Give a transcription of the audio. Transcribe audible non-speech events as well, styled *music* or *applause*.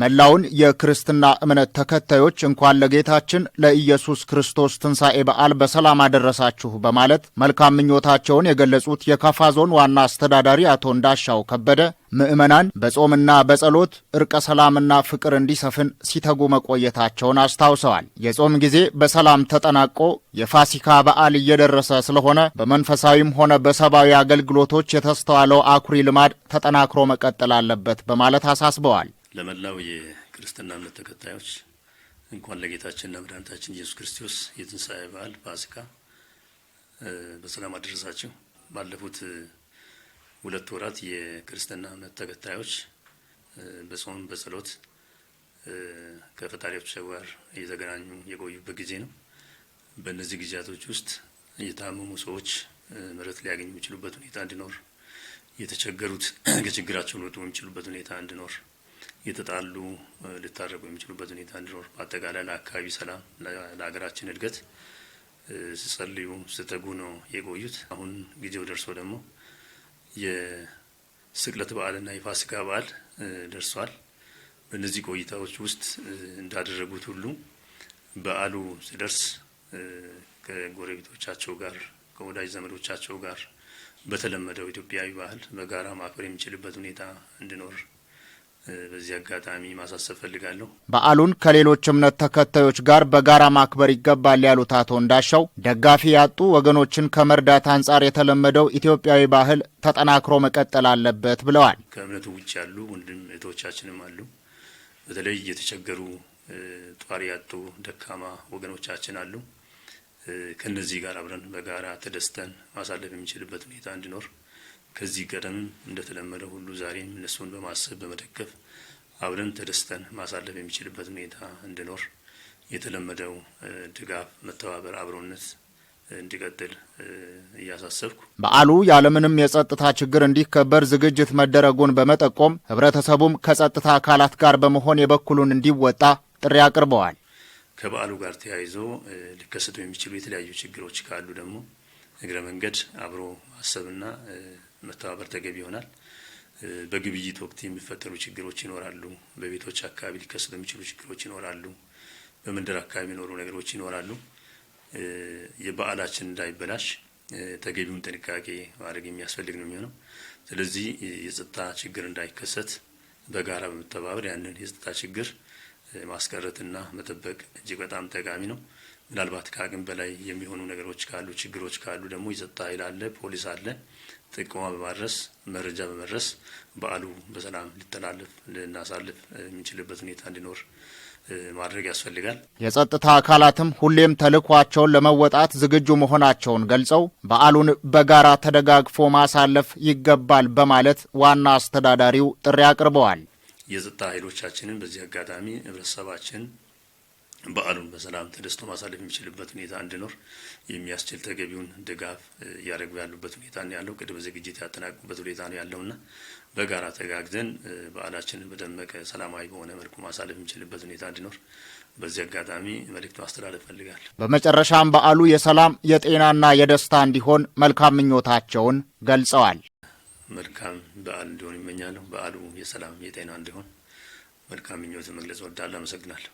መላውን የክርስትና እምነት ተከታዮች እንኳን ለጌታችን ለኢየሱስ ክርስቶስ ትንሣኤ በዓል በሰላም አደረሳችሁ በማለት መልካም ምኞታቸውን የገለጹት የካፋ ዞን ዋና አስተዳዳሪ አቶ እንዳሻው ከበደ ምዕመናን በጾምና በጸሎት እርቀ ሰላምና ፍቅር እንዲሰፍን ሲተጉ መቆየታቸውን አስታውሰዋል። የጾም ጊዜ በሰላም ተጠናቆ የፋሲካ በዓል እየደረሰ ስለሆነ በመንፈሳዊም ሆነ በሰብአዊ አገልግሎቶች የተስተዋለው አኩሪ ልማድ ተጠናክሮ መቀጠል አለበት በማለት አሳስበዋል። ለመላው የክርስትና እምነት ተከታዮች እንኳን ለጌታችንና መድኃኒታችን ኢየሱስ ክርስቶስ የትንሣኤ በዓል ፋሲካ በሰላም አደረሳችሁ። ባለፉት ሁለት ወራት የክርስትና እምነት ተከታዮች በጾም በጸሎት ከፈጣሪያቸው ጋር እየተገናኙ የቆዩበት ጊዜ ነው። በእነዚህ ጊዜያቶች ውስጥ የታመሙ ሰዎች ምሕረት ሊያገኙ የሚችሉበት ሁኔታ እንዲኖር የተቸገሩት *clears throat* ከችግራቸው ሊወጡ የሚችሉበት ሁኔታ እንዲኖር የተጣሉ ሊታረቁ የሚችሉበት ሁኔታ እንዲኖር በአጠቃላይ ለአካባቢ ሰላም፣ ለሀገራችን እድገት ስጸልዩ ስተጉ ነው የቆዩት። አሁን ጊዜው ደርሶ ደግሞ የስቅለት በዓልና የፋሲካ በዓል ደርሷል። በእነዚህ ቆይታዎች ውስጥ እንዳደረጉት ሁሉ በዓሉ ሲደርስ ከጎረቤቶቻቸው ጋር ከወዳጅ ዘመዶቻቸው ጋር በተለመደው ኢትዮጵያዊ ባህል በጋራ ማክበር የሚችልበት ሁኔታ እንዲኖር በዚህ አጋጣሚ ማሳሰብ ፈልጋለሁ። በዓሉን ከሌሎች እምነት ተከታዮች ጋር በጋራ ማክበር ይገባል ያሉት አቶ እንዳሻው ደጋፊ ያጡ ወገኖችን ከመርዳት አንጻር የተለመደው ኢትዮጵያዊ ባህል ተጠናክሮ መቀጠል አለበት ብለዋል። ከእምነቱ ውጭ ያሉ ወንድም እህቶቻችንም አሉ። በተለይ የተቸገሩ ጧሪ ያጡ ደካማ ወገኖቻችን አሉ። ከነዚህ ጋር አብረን በጋራ ተደስተን ማሳለፍ የሚችልበት ሁኔታ እንዲኖር ከዚህ ቀደም እንደተለመደ ሁሉ ዛሬም እነሱን በማሰብ በመደገፍ አብረን ተደስተን ማሳለፍ የሚችልበት ሁኔታ እንዲኖር የተለመደው ድጋፍ፣ መተባበር፣ አብሮነት እንዲቀጥል እያሳሰብኩ በዓሉ ያለምንም የጸጥታ ችግር እንዲከበር ዝግጅት መደረጉን በመጠቆም ህብረተሰቡም ከጸጥታ አካላት ጋር በመሆን የበኩሉን እንዲወጣ ጥሪ አቅርበዋል። ከበዓሉ ጋር ተያይዞ ሊከሰቱ የሚችሉ የተለያዩ ችግሮች ካሉ ደግሞ እግረ መንገድ አብሮ ማሰብና መተባበር ተገቢ ይሆናል። በግብይት ወቅት የሚፈጠሩ ችግሮች ይኖራሉ። በቤቶች አካባቢ ሊከሰቱ የሚችሉ ችግሮች ይኖራሉ። በመንደር አካባቢ የሚኖሩ ነገሮች ይኖራሉ። የበዓላችን እንዳይበላሽ ተገቢውን ጥንቃቄ ማድረግ የሚያስፈልግ ነው የሚሆነው። ስለዚህ የጸጥታ ችግር እንዳይከሰት በጋራ በመተባበር ያንን የጸጥታ ችግር ማስቀረትና መጠበቅ እጅግ በጣም ጠቃሚ ነው። ምናልባት ከአቅም በላይ የሚሆኑ ነገሮች ካሉ፣ ችግሮች ካሉ ደግሞ የጸጥታ ኃይል አለ፣ ፖሊስ አለ። ጥቆማ በማድረስ መረጃ በመድረስ በዓሉ በሰላም ሊተላለፍ ልናሳልፍ የምንችልበት ሁኔታ እንዲኖር ማድረግ ያስፈልጋል። የጸጥታ አካላትም ሁሌም ተልኳቸውን ለመወጣት ዝግጁ መሆናቸውን ገልጸው በዓሉን በጋራ ተደጋግፎ ማሳለፍ ይገባል በማለት ዋና አስተዳዳሪው ጥሪ አቅርበዋል። የጸጥታ ኃይሎቻችንን በዚህ አጋጣሚ ህብረተሰባችን በዓሉን በሰላም ተደስቶ ማሳለፍ የሚችልበት ሁኔታ እንዲኖር የሚያስችል ተገቢውን ድጋፍ እያደረጉ ያሉበት ሁኔታ ነው ያለው። ቅድመ ዝግጅት ያጠናቁበት ሁኔታ ነው ያለውና በጋራ ተጋግዘን በዓላችንን በደመቀ ሰላማዊ በሆነ መልኩ ማሳለፍ የሚችልበት ሁኔታ እንዲኖር በዚህ አጋጣሚ መልእክት ማስተላለፍ ፈልጋል። በመጨረሻም በዓሉ የሰላም የጤናና የደስታ እንዲሆን መልካም ምኞታቸውን ገልጸዋል። መልካም በዓል እንዲሆን ይመኛለሁ። በዓሉ የሰላም የጤና እንዲሆን መልካም ምኞት መግለጽ እወዳለሁ። አመሰግናለሁ።